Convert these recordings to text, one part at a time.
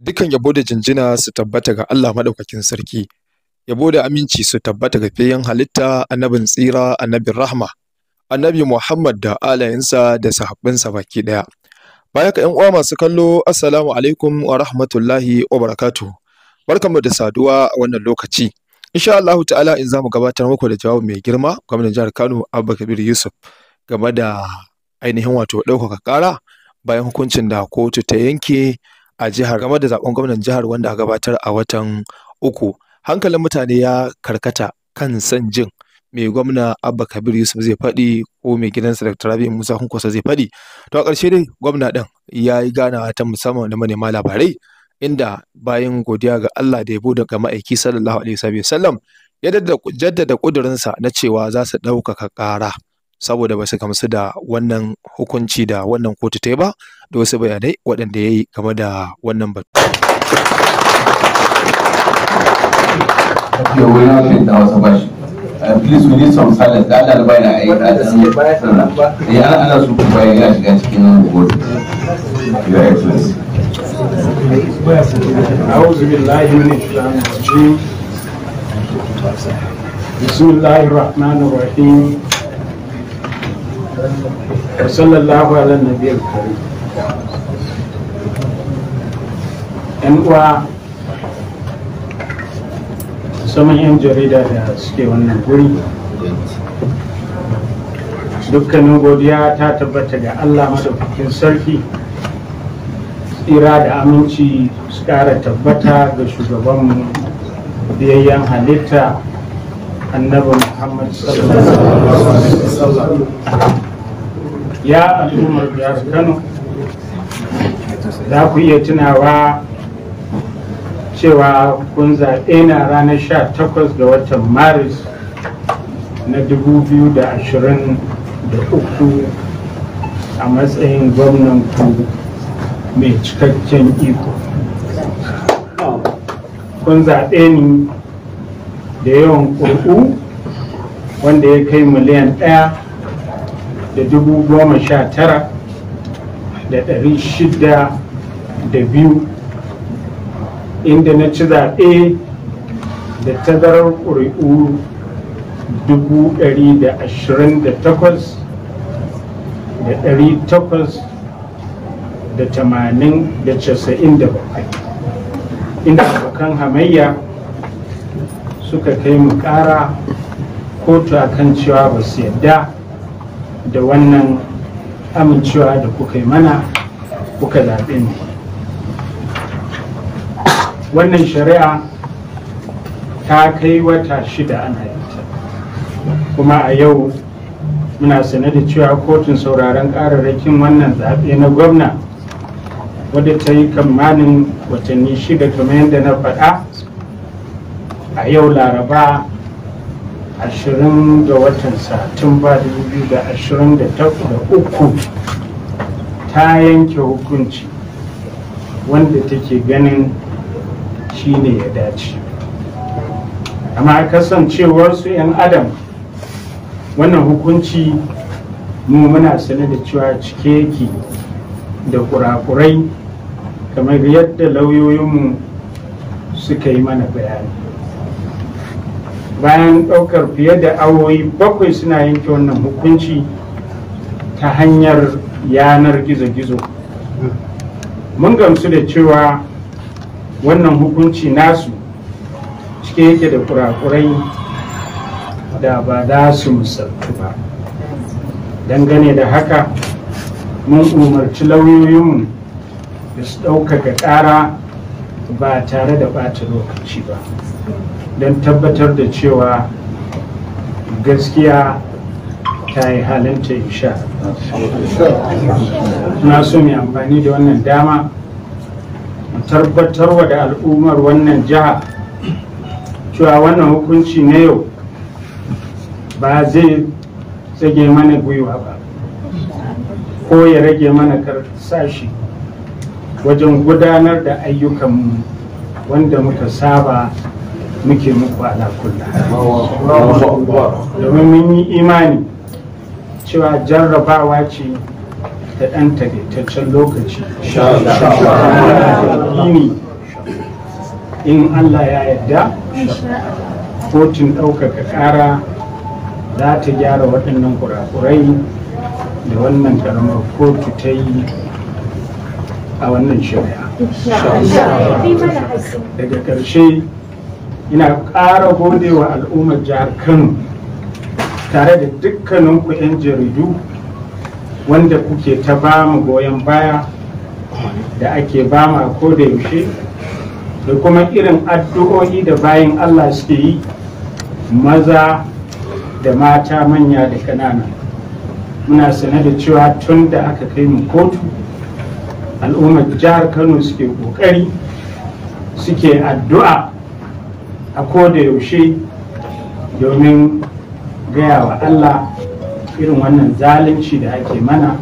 Dukan yabo da jinjina su tabbata ga Allah maɗaukakin sarki, yabo da aminci su tabbata ga fiyan halitta annabin tsira annabin rahma. annabi Muhammad da alayensa da sahabbansa baki ɗaya. Baya ka 'yan uwa masu kallo Assalamu alaikum wa rahmatullahi wa barakatuh. mu da saduwa a wannan lokaci. Insha Allahu ta'ala in za mu gabatar muku da jawabi mai girma gwamnan jihar Kano Abba Kabir Yusuf game da ainihin wato ɗaukaka ƙara bayan hukuncin da kotu ta yanke a jihar game da zaben gwamnan jihar wanda a gabatar a watan uku. Hankalin mutane ya karkata kan son jin Mai gwamna abba kabir yusuf zai faɗi ko mai gidansa da tarabi musa hunkosa zai faɗi to a ƙarshe dai gwamna ɗin ya yi ganawa ta musamman da manema labarai inda bayan godiya ga allah da yabo daga ma'aiki sallallahu alaihi sallam, ya jaddada ƙudurinsa na cewa za su ɗaukaka ƙara saboda ba su gamsu da wannan hukunci da wannan kotu ta yi ba da wasu bayanai waɗanda ya yi game da wannan batu. Yau wani da wasu bashi. please we need some silence da Allah bai na ai da eh ana ana su kuma ya shiga cikin nan gobe your excellency أعوذ بالله من الشيطان الرجيم بسم الله الرحمن الرحيم وصلى الله على النبي الكريم 'yan uwa musamman 'yan jarida da suke wannan guri dukkanin godiya ta tabbata ga allah madaukakin sarki tsira da aminci su ƙara tabbata ga shugabanmu biyayyen halitta annabi muhammad sallallahu alaihi wasallam ya al'ummar jihar kano za ku iya tunawa cewa kun zaɓe na ranar sha 18 ga watan maris na da da ashirin uku, a matsayin gwamnan ku mai cikakken iko kun zaɓe ni da yawan ƙuri'u wanda ya kai miliyan ɗaya da dubu goma sha tara da ɗari shida da biyu inda na ci zaɓe da tazarar ƙuri'u 128,897 inda abokan hamayya suka kai mu ƙara kotu a kan cewa ba su yadda da wannan amincewa da kuka yi mana kuka zaɓe ne wannan shari'a ta kai wata shida ana ta kuma a yau muna sane da cewa kotun sauraron kararrakin wannan zaɓe na gwamna wadda ta yi kamanin watanni shida kamar yadda na faɗa a yau laraba 20 ga watan satumba 2023 ta yanke hukunci wanda take ganin shi ne ya dace amma kasancewar su 'yan adam wannan hukunci mu muna sane da cewa cike yake da kurakurai kamar yadda lauyoyinmu suka yi mana bayani bayan ɗaukar fiye da awoyi bakwai suna yanke wannan hukunci ta hanyar yanar gizo-gizo mun gamsu da cewa wannan hukunci nasu cike yake da kurakurai da ba za su misaltu ba dangane da haka mun umarci lauyoyinmu da su ɗaukaka ƙara ba tare da ɓata lokaci ba don tabbatar da cewa gaskiya ta yi halinta insha na so mai amfani da wannan dama tabbatarwa da al'ummar wannan jiha cewa wannan hukunci na yau ba zai tsage mana gwiwa ba ko ya rage mana karsashi wajen gudanar da ayyukanmu wanda muka saba muke muku alakulla domin mun yi imani cewa jarrabawa ce da ɗan takaitaccen lokaci in Allah ya yarda kotun ɗaukaka ƙara za ta gyara waɗannan kurakurai da wannan ƙaramar kotu ta yi a wannan shari'a daga ƙarshe ina ƙara gode wa al'ummar jihar kano tare da dukkanin 'yan jaridu wanda kuke ta ba mu goyon baya da ake ba mu a yaushe da kuma irin addu'o'i da bayan allah suke yi maza da mata manya da ƙanana, muna sane da cewa tun da aka kai mu kotu al'ummar jihar kano suke ƙoƙari, suke addu'a a ko da yaushe domin gaya wa allah irin wannan zalunci da ake mana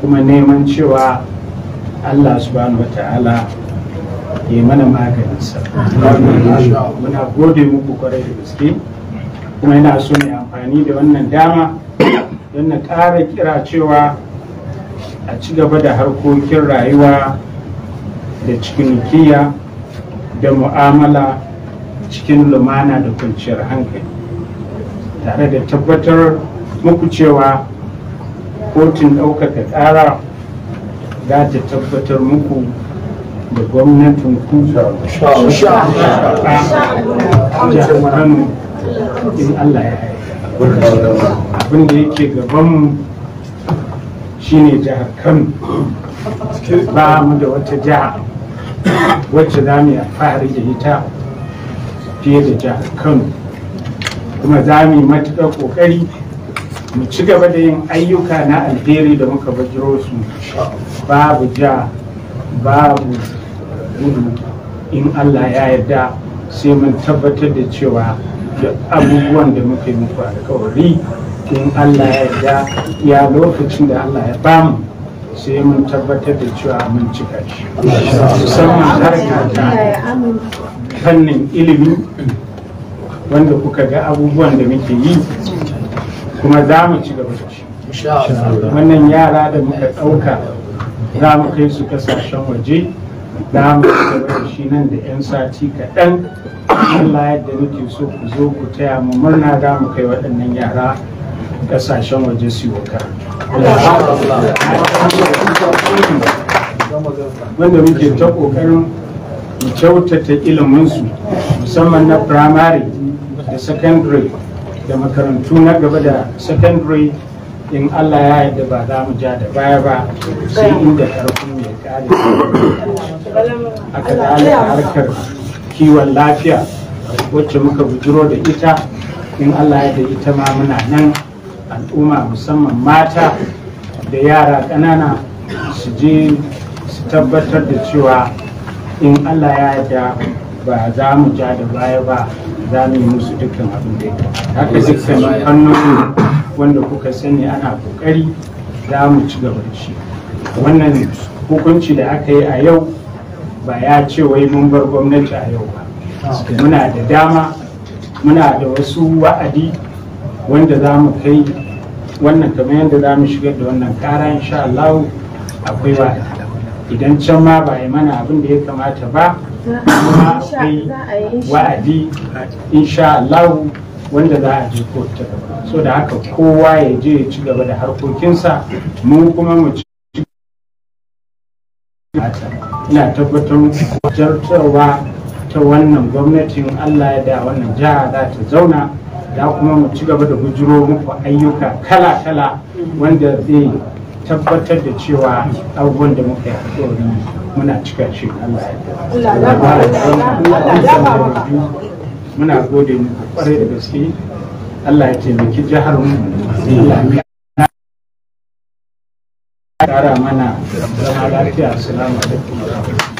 kuma neman cewa allah subhanahu wa ta'ala ya mana maganinsa muna gode muku kwarai da gaske kuma yana so mai amfani da wannan dama don na ƙara kira cewa a ci gaba da harkokin rayuwa da cikinikiya da mu'amala cikin lumana da kwanciyar hankali tare da tabbatar muku cewa kotun ɗaukaka tsara za ta tabbatar muku da gwamnatin kusa in allah ya abin da yake gabanmu shi ne jihar kano ba mu da wata jiha wacce za mu yi da ita fiye da jihar kano kuma za mu yi matuƙar ƙoƙari mu ci gaba da yin ayyuka na alheri da muka bajiro su babu ja babu gudu in allah ya yarda sai mun tabbatar da cewa da abubuwan da muke muku alkawari in allah ya yarda ya lokacin da allah ya bamu sai mun tabbatar da cewa mun cika shi musamman harka ta fannin ilimi wanda kuka ga abubuwan da muke yi kuma za mu ci gaba da wannan yara da muka ɗauka za mu kai su kasashen waje za mu ci gaba da shi nan da 'yan sati kaɗan Allah yadda nake so ku zo ku taya mu murna za mu kai waɗannan yara kasashen waje su yoka wanda muke ta ƙoƙarin mu kyautata iliminsu musamman na firamare da secondary da makarantu na gaba da secondary in Allah ya da ba za mu ja da baya ba sai inda karfin mai kare a ala harkar kiwon lafiya wacce muka bujiro da ita in Allah ya da ita ma muna nan al'umma musamman mata da yara ƙanana su je su tabbatar da cewa in Allah ya da ba za mu ja da baya ba za mu yi musu dukkan abin da ya haka dukkan fannoni wanda kuka sani ana kokari za mu ci gaba da shi wannan hukunci da aka yi a yau ba ya ce wai mun bar gwamnati a yau ba muna da dama muna da wasu wa'adi wanda za mu kai wannan kamar yadda za mu shigar da wannan kara insha Allah akwai wa'adi idan can ma ba yi mana abin da ya kamata ba kuma akwai wa'adi insha Allah wanda za a je kotu ta so da haka kowa ya je ya ci gaba da harkokinsa mu kuma mu ci ina tabbatar jartarwa ta wannan gwamnatin Allah ya da wannan jiha za ta zauna Da kuma mu ci gaba da bujiro muku ayyuka kala-kala wanda zai tabbatar da cewa abubuwan da muka yi alkawari muna cika shi muna gode muku kwarai da gaske Allah ya taimaki jihar mu ƙara mana zama lafiya assalamu alaikum